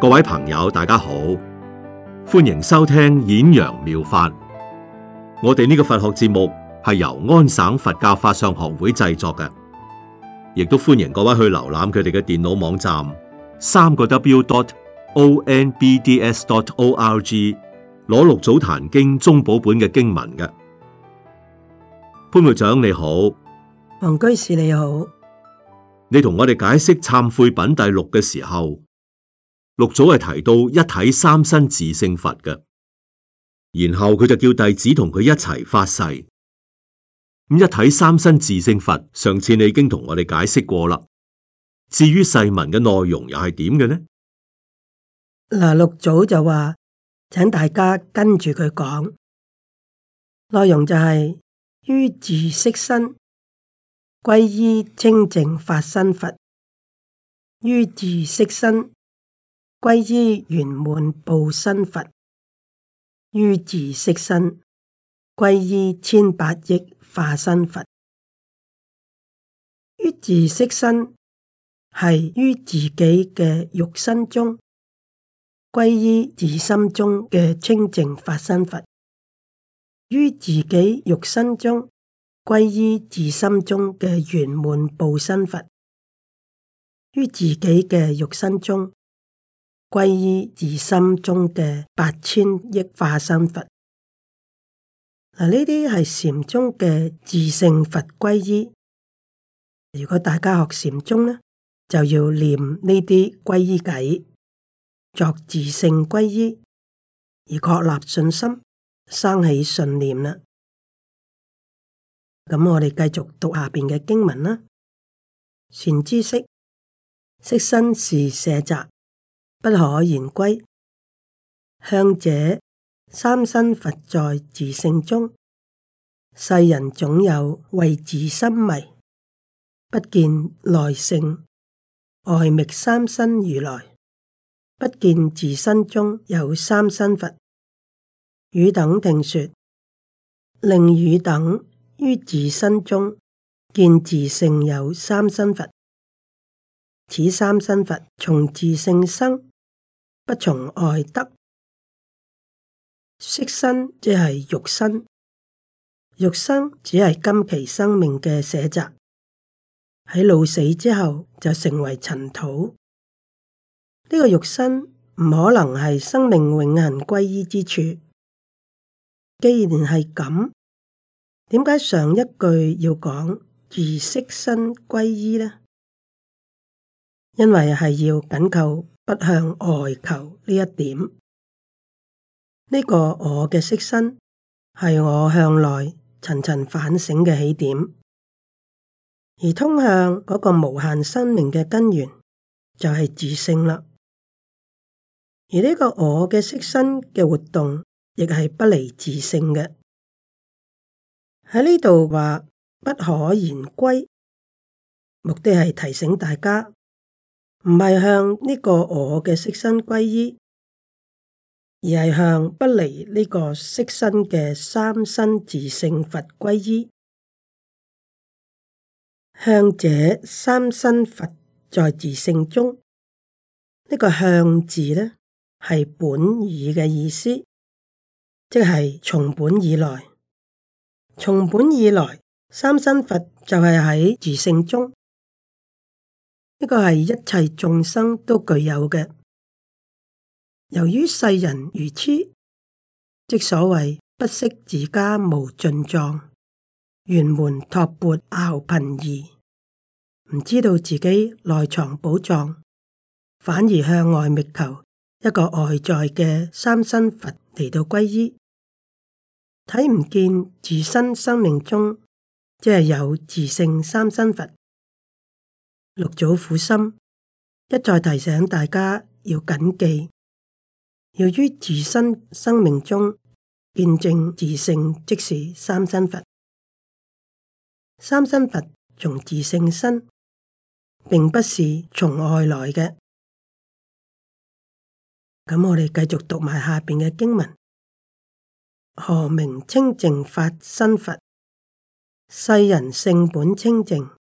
各位朋友，大家好，歡迎收聽演揚妙，妙法。我哋呢個佛學節目係由安省佛教法相學會製作嘅，亦都歡迎各位去瀏覽佢哋嘅電腦網站三個 w.dot.o.n.b.d.s.dot.o.r.g，攞六祖壇經宗寶本嘅經文嘅。潘會長你好，黃居士你好，你同我哋解釋懺悔品第六嘅時候。六祖係提到一體三身自性佛嘅，然後佢就叫弟子同佢一齊發誓。咁一體三身自性佛，上次你已經同我哋解釋過啦。至於誓文嘅內容又係點嘅呢？嗱，六祖就話，請大家跟住佢講，內容就係、是、於自色身歸依清淨法身佛，於自色身。歸依圓滿報身佛，於自色身；歸依千百億化身佛，於自色身，係於自己嘅肉身中，歸依自心中嘅清淨法身佛；於自己肉身中，歸依自心中嘅圓滿報身佛；於自己嘅肉身中。歸依自心中嘅八千億化身佛，呢啲係禪宗嘅自性佛歸依。如果大家學禪宗呢，就要念呢啲歸依偈，作自性歸依，而確立信心，生起信念啦。咁我哋繼續讀下邊嘅經文啦。善知識，識身是舍宅，不可言歸。向者三身佛在自性中，世人總有為自心迷，不見內性，外覓三身如來，不見自身中有三身佛。汝等聽說，令汝等於自身中見自性有三身佛。此三身佛從自性生。不從外得色身，即係肉身。肉身只係今期生命嘅寫集，喺老死之後就成為塵土。呢個肉身唔可能係生命永恆歸依之處。既然係咁，點解上一句要講而色身歸依呢？因為係要緊扣。不向外求呢一點，呢、這個我嘅色身係我向內層層反省嘅起點，而通向嗰個無限生命嘅根源就係、是、自性啦。而呢個我嘅色身嘅活動亦係不離自性嘅。喺呢度話不可言歸，目的係提醒大家。唔係向呢個我嘅色身歸依，而係向不離呢個色身嘅三身自性佛歸依。向者三身佛在自性中，呢、這個向字呢，係本爾嘅意思，即係從本以來，從本以來三身佛就係喺自性中。呢個係一切眾生都具有嘅。由於世人如痴，即所謂不識自家無盡藏，沿門托缽效貧兒，唔知道自己內藏寶藏，反而向外覓求一個外在嘅三身佛嚟，到歸依，睇唔見自身生命中即係有自性三身佛。六祖苦心一再提醒大家要謹記，要於自身生命中見證自性，即是三身佛。三身佛從自性身，並不是從外來嘅。咁我哋繼續讀埋下面嘅經文：何名清淨法身佛？世人性本清淨。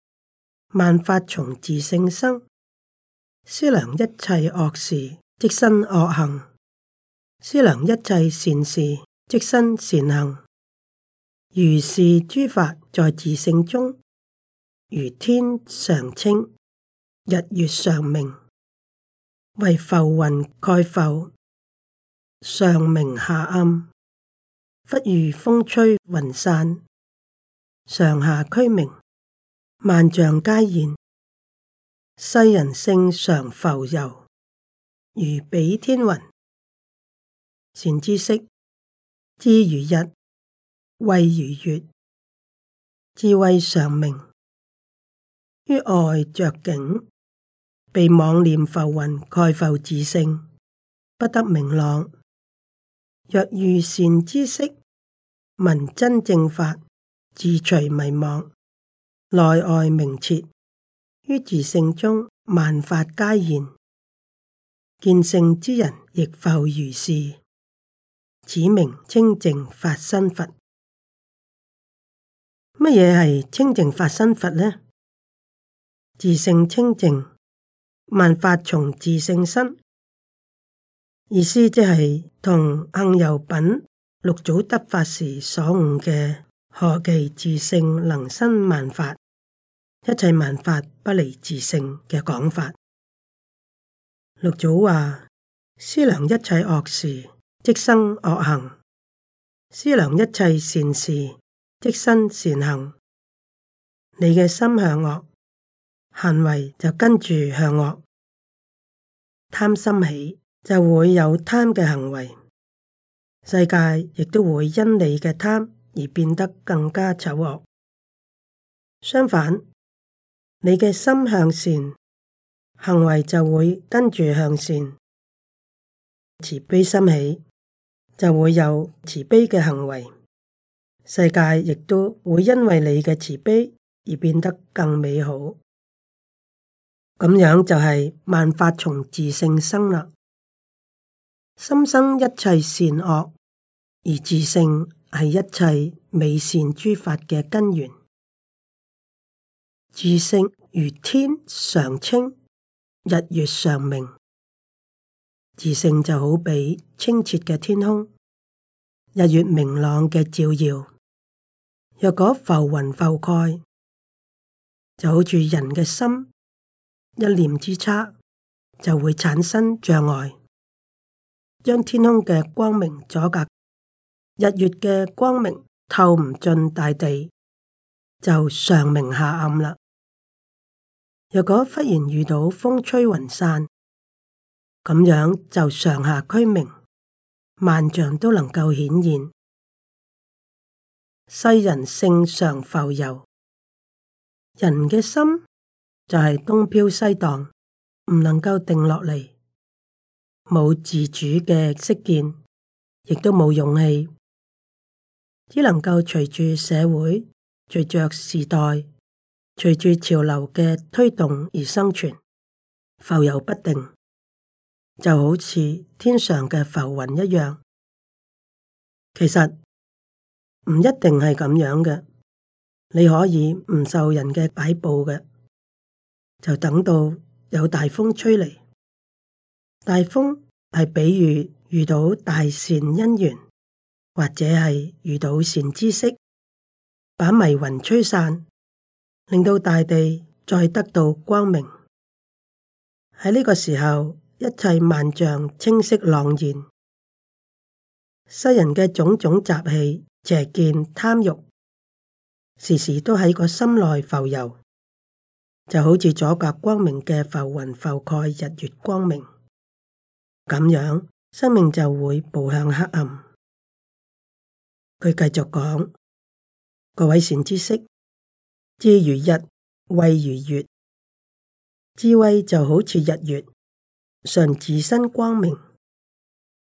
萬法從自性生，思量一切惡事即身惡行，思量一切善事即身善行。如是諸法在自性中，如天常清，日月常明，為浮雲蓋覆，上明下暗，忽如風吹雲散，上下俱明。萬象皆現，世人性常浮遊，如彼天雲。善知識，知如日，慧如月，智慧常明，於外着境，被妄念浮雲蓋覆自性，不得明朗。若遇善知識，聞真正法，自除迷妄。內外明徹於自性中萬法皆現，見性之人亦復如是。此名清淨法身佛。乜嘢係清淨法身佛呢？自性清淨，萬法從自性身。意思即係同《行由品》六祖得法時所悟嘅。何其自性，能生萬法，一切萬法不離自性嘅講法。六祖話：思量一切惡事，即生惡行；思量一切善事，即生善行。你嘅心向惡，行為就跟住向惡。貪心起，就會有貪嘅行為，世界亦都會因你嘅貪。而變得更加醜惡。相反，你嘅心向善，行為就會跟住向善。慈悲心起，就會有慈悲嘅行為，世界亦都會因為你嘅慈悲而變得更美好。咁樣就係萬法從自性生啦，心生一切善惡而自性。係一切微善諸法嘅根源。自性如天常清，日月常明。自性就好比清澈嘅天空，日月明朗嘅照耀。若果浮雲浮蓋，就好似人嘅心一念之差，就會產生障礙，將天空嘅光明阻隔。日月嘅光明透唔進大地，就上明下暗啦。若果忽然遇到風吹雲散，咁樣就上下俱明，萬象都能夠顯現。世人性常浮游，人嘅心就係東飄西蕩，唔能夠定落嚟，冇自主嘅識見，亦都冇勇氣。只能夠隨住社會、隨着時代、隨住潮流嘅推動而生存，浮游不定，就好似天上嘅浮雲一樣。其實唔一定係咁樣嘅，你可以唔受人嘅擺佈嘅，就等到有大風吹嚟。大風係比喻遇到大善因緣。或者係遇到善知識，把迷魂吹散，令到大地再得到光明。喺呢個時候，一切萬象清晰朗然，世人嘅種種雜氣、邪見、貪欲，時時都喺個心內浮游，就好似阻隔光明嘅浮雲，浮蓋日月光明，咁樣生命就會步向黑暗。佢繼續講：各位善知識，知如日，慧如月。智慧就好似日月，常自身光明。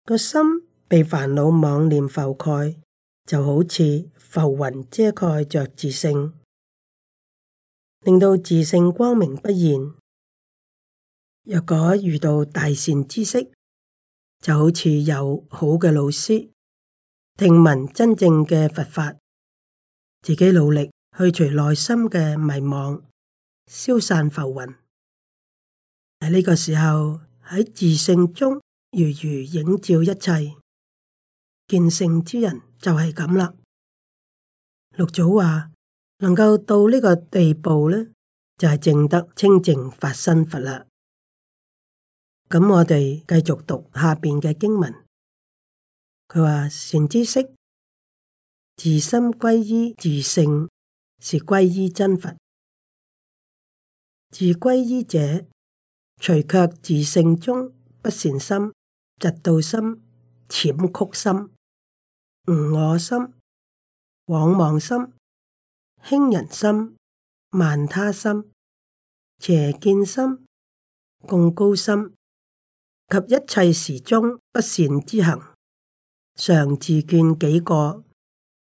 個心被煩惱妄念浮蓋，就好似浮雲遮蓋着自性，令到自性光明不現。若果遇到大善知識，就好似有好嘅老師。聽聞真正嘅佛法，自己努力去除內心嘅迷惘，消散浮雲。喺呢個時候喺自性中如如影照一切，見性之人就係咁啦。六祖話：能夠到呢個地步咧，就係、是、淨得清淨發生佛啦。咁我哋繼續讀下邊嘅經文。佢話，善知識，自心歸依自性，是歸依真佛。自歸依者，除卻自性中不善心、嫉妒心、淺曲心、無我心、往忙心、輕人心、慢他心、邪見心、貢高心，及一切時中不善之行。常自見己過，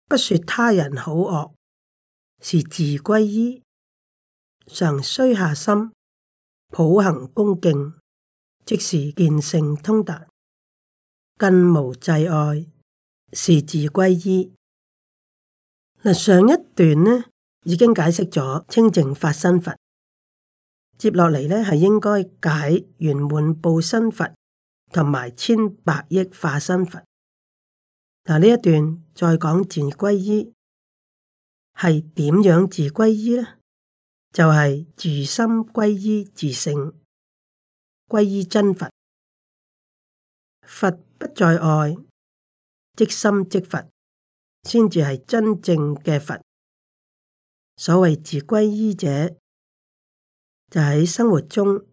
不說他人好惡，是自歸依。常須下心，普行恭敬，即是見性通達，更無滯礙，是自歸依。嗱，上一段呢已經解釋咗清淨法身佛，接落嚟呢係應該解圓滿報身佛同埋千百億化身佛。嗱，呢一段再講自歸依係點樣自歸依呢？就係自心歸依自性，歸依真佛。佛不在外，即心即佛，先至係真正嘅佛。所謂自歸依者，就喺生活中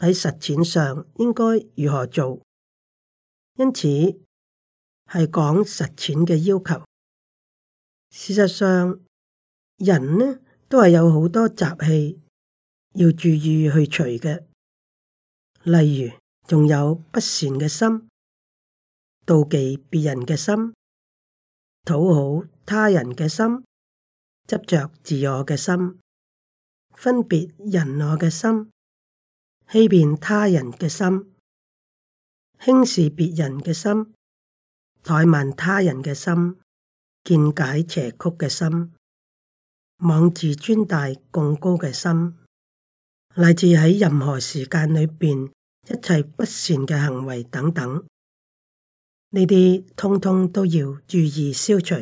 喺實踐上應該如何做？因此。係講實踐嘅要求。事實上，人呢都係有好多習氣要注意去除嘅。例如，仲有不善嘅心、妒忌別人嘅心、討好他人嘅心、執着自我嘅心、分別人我嘅心、欺騙他人嘅心、輕視別人嘅心。怠慢他人嘅心、見解邪曲嘅心、妄自尊大、貢高嘅心，乃至喺任何時間裏邊一切不善嘅行為等等，呢啲通通都要注意消除。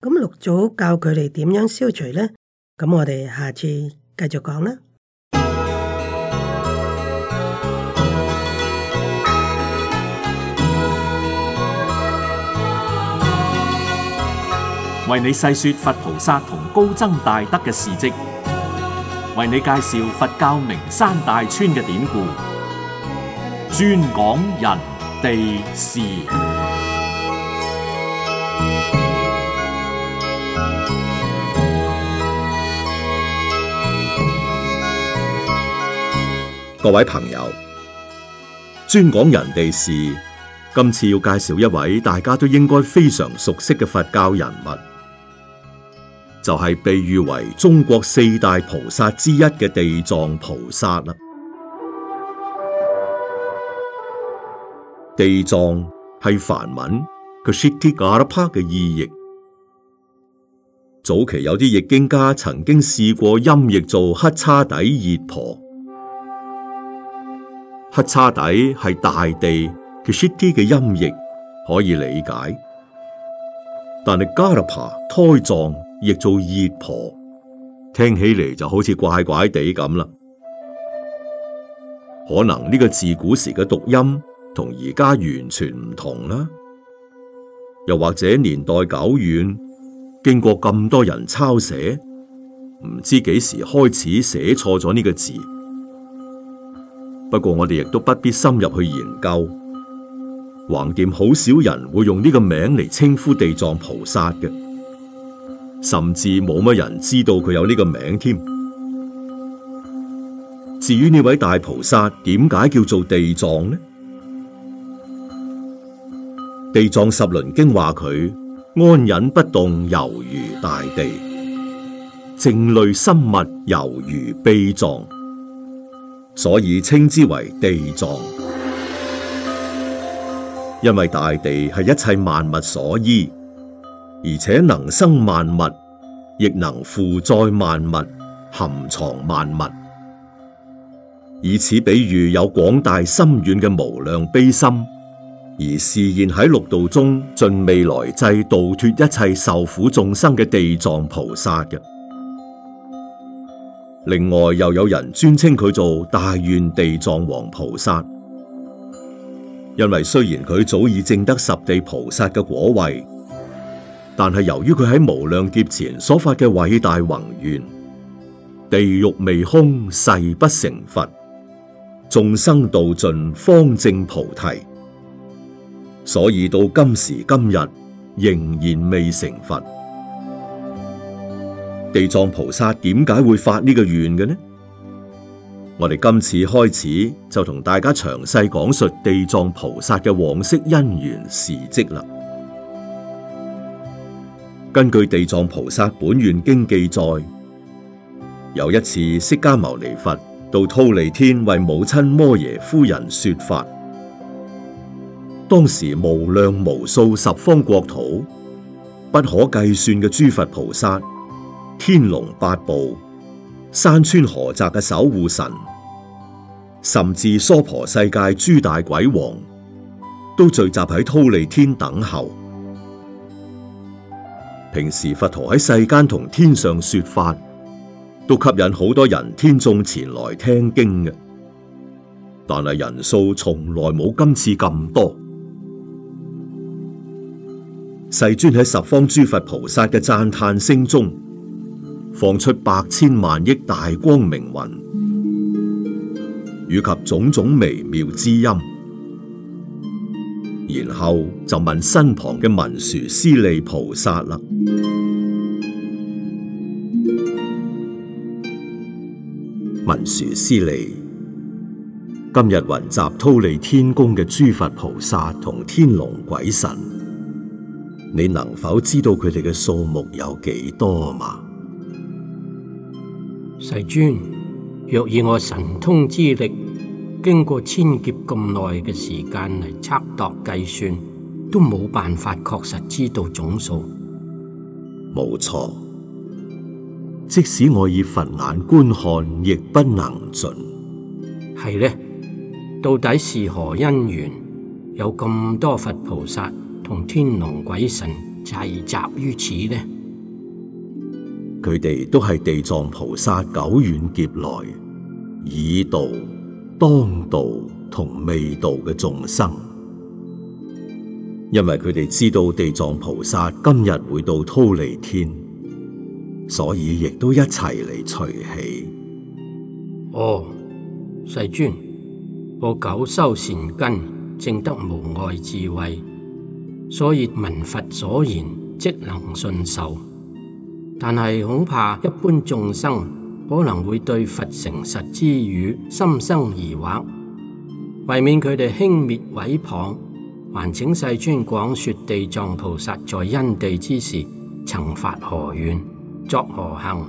咁六祖教佢哋點樣消除咧？咁我哋下次繼續講啦。為你細說佛菩薩同高僧大德嘅事跡，為你介紹佛教名山大川嘅典故，專講人地事。各位朋友，專講人地事，今次要介紹一位大家都應該非常熟悉嘅佛教人物。就係被譽為中國四大菩薩之一嘅地藏菩薩啦。地藏係梵文，佢 shiti garapa 嘅意譯。早期有啲譯經家曾經試過音譯做黑叉底熱婆。黑叉底係大地，佢 shiti 嘅音譯可以理解，但係 garapa 胎藏。亦做熱婆，聽起嚟就好似怪怪地咁啦。可能呢個字古時嘅讀音同而家完全唔同啦，又或者年代久遠，經過咁多人抄寫，唔知幾時開始寫錯咗呢個字。不過我哋亦都不必深入去研究，橫掂，好少人會用呢個名嚟稱呼地藏菩薩嘅。甚至冇乜人知道佢有呢個名添。至於呢位大菩薩點解叫做地藏呢？地藏十輪經話佢安忍不動，猶如大地；靜類生物，猶如悲藏，所以稱之為地藏。因為大地係一切萬物所依。而且能生萬物，亦能負載萬物、含藏萬物。以此比喻有廣大深遠嘅無量悲心，而示現喺六道中盡未來際度脫一切受苦眾生嘅地藏菩薩嘅。另外，又有人尊稱佢做大願地藏王菩薩，因為雖然佢早已證得十地菩薩嘅果位。但係由於佢喺無量劫前所發嘅偉大宏願，地獄未空誓不成佛，眾生度盡方證菩提，所以到今時今日仍然未成佛。地藏菩薩點解會發呢個願嘅呢？我哋今次開始就同大家詳細講述地藏菩薩嘅往昔因緣事跡啦。根據地藏菩薩本願經記載，有一次釋迦牟尼佛到忉利天為母親摩耶夫人說法，當時無量無數十方國土不可計算嘅諸佛菩薩、天龍八部、山川河澤嘅守護神，甚至娑婆世界諸大鬼王，都聚集喺忉利天等候。平時佛陀喺世間同天上說法，都吸引好多人天眾前來聽經嘅，但係人數從來冇今次咁多。世尊喺十方諸佛菩薩嘅讚嘆聲中，放出百千萬億大光明雲，以及種種微妙之音。然後就問身旁嘅文殊師利菩薩啦，文殊師利，今日雲集忉利天宮嘅諸佛菩薩同天龍鬼神，你能否知道佢哋嘅數目有幾多嘛？世尊，若以我神通之力，經過千劫咁耐嘅時間嚟測度計算，都冇辦法確實知道總數。冇錯，即使我以佛眼觀看，亦不能盡。係呢，到底是何因緣，有咁多佛菩薩同天龍鬼神齊集於此呢？佢哋都係地藏菩薩久遠劫來已度。當度同未度嘅眾生，因為佢哋知道地藏菩薩今日會到忉利天，所以亦都一齊嚟隨喜。哦，世尊，我久修善根，證得無礙智慧，所以聞佛所言，即能信受。但係恐怕一般眾生。可能會對佛成實之語心生疑惑，為免佢哋輕蔑毀謗，還請世尊廣說地藏菩薩在因地之時曾發何願，作何行，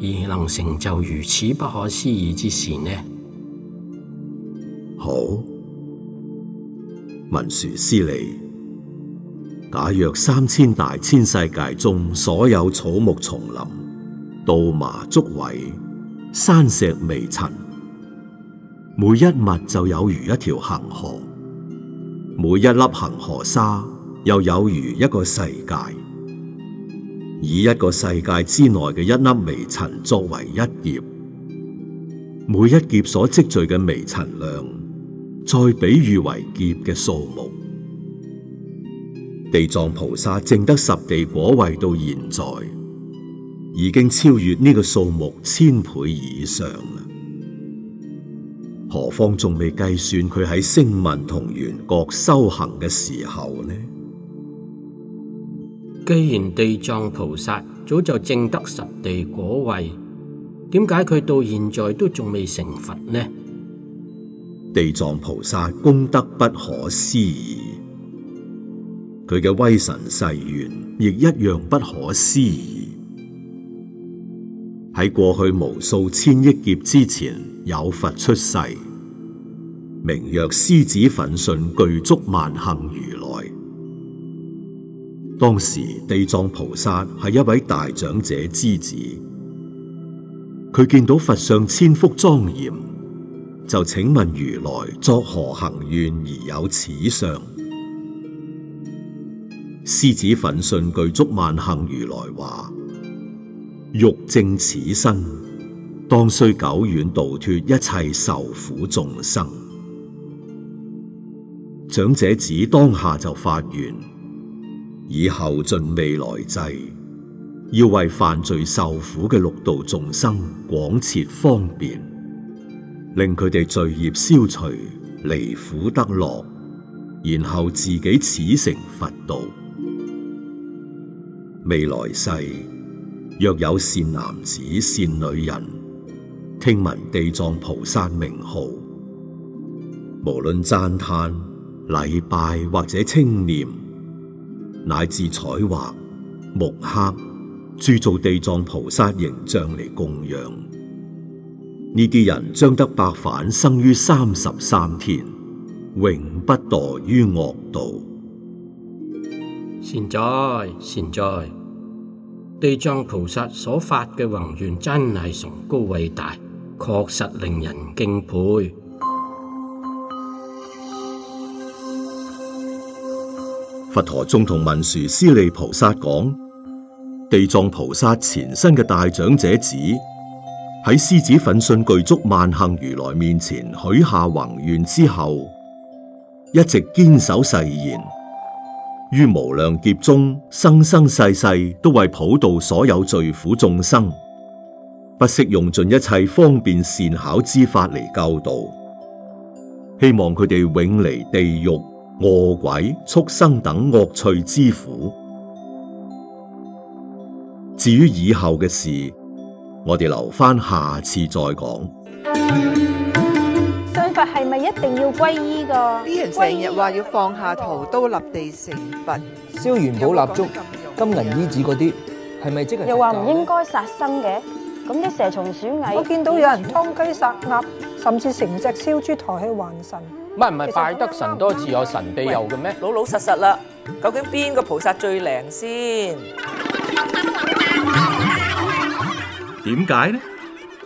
而能成就如此不可思議之事呢？好，文殊師利，假若三千大千世界中所有草木叢林。道麻足尾，山石微塵，每一物就有如一條行河，每一粒行河沙又有如一個世界，以一個世界之內嘅一粒微塵作為一劫，每一劫所積聚嘅微塵量，再比喻為劫嘅數目。地藏菩薩正得十地果位到現在。已經超越呢個數目千倍以上啦，何況仲未計算佢喺聲聞同緣覺修行嘅時候呢？既然地藏菩薩早就證得實地果位，點解佢到現在都仲未成佛呢？地藏菩薩功德不可思議，佢嘅威神誓願亦一樣不可思議。喺過去無數千億劫之前，有佛出世，名曰獅子奮迅，具足萬行如來。當時地藏菩薩係一位大長者之子，佢見到佛上千福莊嚴，就請問如來作何行願而有此相？獅子奮迅，具足萬行如來話。欲證此身，當需久遠度脱一切受苦眾生。長者子當下就發願，以後盡未來際，要為犯罪受苦嘅六道眾生廣設方便，令佢哋罪業消除，離苦得樂，然後自己始成佛道，未來世。若有善男子、善女人，聽聞地藏菩薩名號，無論讚歎、禮拜或者稱念，乃至彩畫、木刻、鑄造地藏菩薩形象嚟供養，呢啲人將得百返生於三十三天，永不墮於惡道。善哉，善哉！地藏菩薩所發嘅宏願真係崇高偉大，確實令人敬佩。佛陀仲同文殊師利菩薩講：地藏菩薩前身嘅大長者子喺獅子奮迅具足萬行如來面前許下宏願之後，一直堅守誓言。於無量劫中，生生世世都為普渡所有罪苦眾生，不惜用盡一切方便善巧之法嚟教導，希望佢哋永離地獄、餓鬼、畜生等惡趣之苦。至於以後嘅事，我哋留翻下次再講。係咪一定要皈依噶？啲人成日話要放下屠刀，立地成佛，燒元寶蠟燭、金銀衣紙嗰啲，係咪即係？又話唔應該殺生嘅，咁啲蛇蟲鼠蟻，我見到有人劏雞殺鴨，甚至成隻燒豬抬去還神。唔係唔係，拜得神多自有神庇佑嘅咩？老老實實啦，究竟邊個菩薩最靈先？點解呢？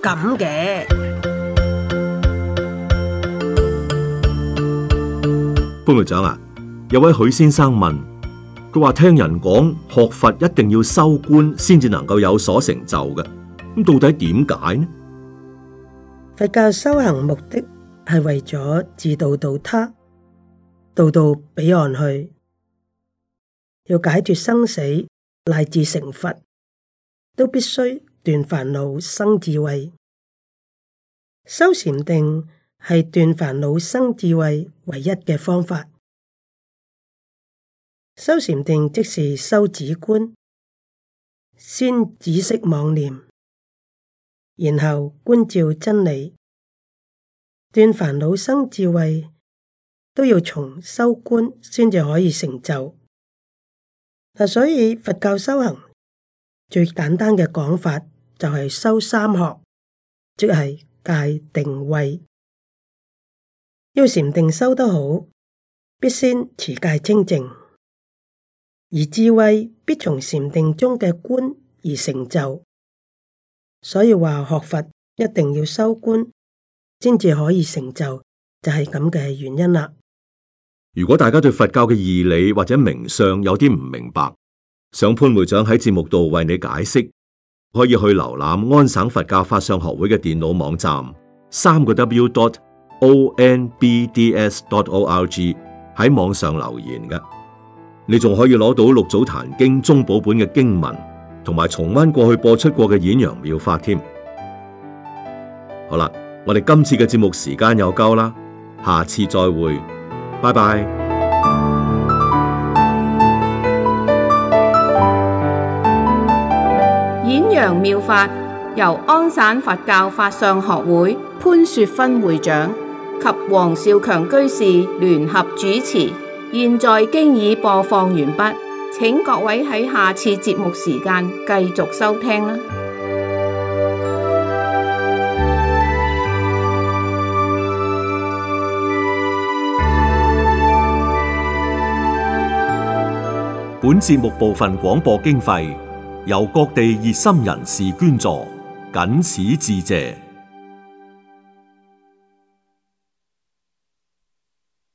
咁嘅。潘局長啊，有位許先生問，佢話聽人講學佛一定要修觀先至能夠有所成就嘅，咁到底點解呢？佛教修行目的係為咗自度度他，度到彼岸去，要解脫生死，乃至成佛，都必須斷煩惱生智慧，修禪定。係斷煩惱生智慧唯一嘅方法。修禪定即是修止觀，先止息妄念，然後觀照真理，斷煩惱生智慧，都要從修觀先至可以成就。所以佛教修行最簡單嘅講法就係修三學，即係戒、定、慧。要禪定修得好，必先持戒清淨；而智慧必從禪定中嘅觀而成就。所以話學佛一定要修觀，先至可以成就，就係咁嘅原因啦。如果大家對佛教嘅義理或者名相有啲唔明白，想潘會長喺節目度為你解釋，可以去瀏覽安省佛教法相學會嘅電腦網站，三個 W dot。O N B D S. dot O R G 喺網上留言㗎，你仲可以攞到《六祖壇經》宗寶本嘅經文，同埋重温過去播出過嘅《演揚妙法》添。好啦，我哋今次嘅節目時間又夠啦，下次再會，拜拜。《演揚妙法》由安省佛教法相學會潘雪芬會長。及黃少強居士聯合主持，現在經已播放完畢，請各位喺下次節目時間繼續收聽啦。本節目部分廣播經費由各地熱心人士捐助，僅此致謝。